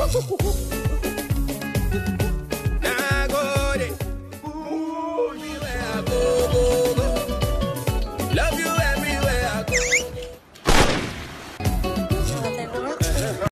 Woo-hoo-hoo-hoo!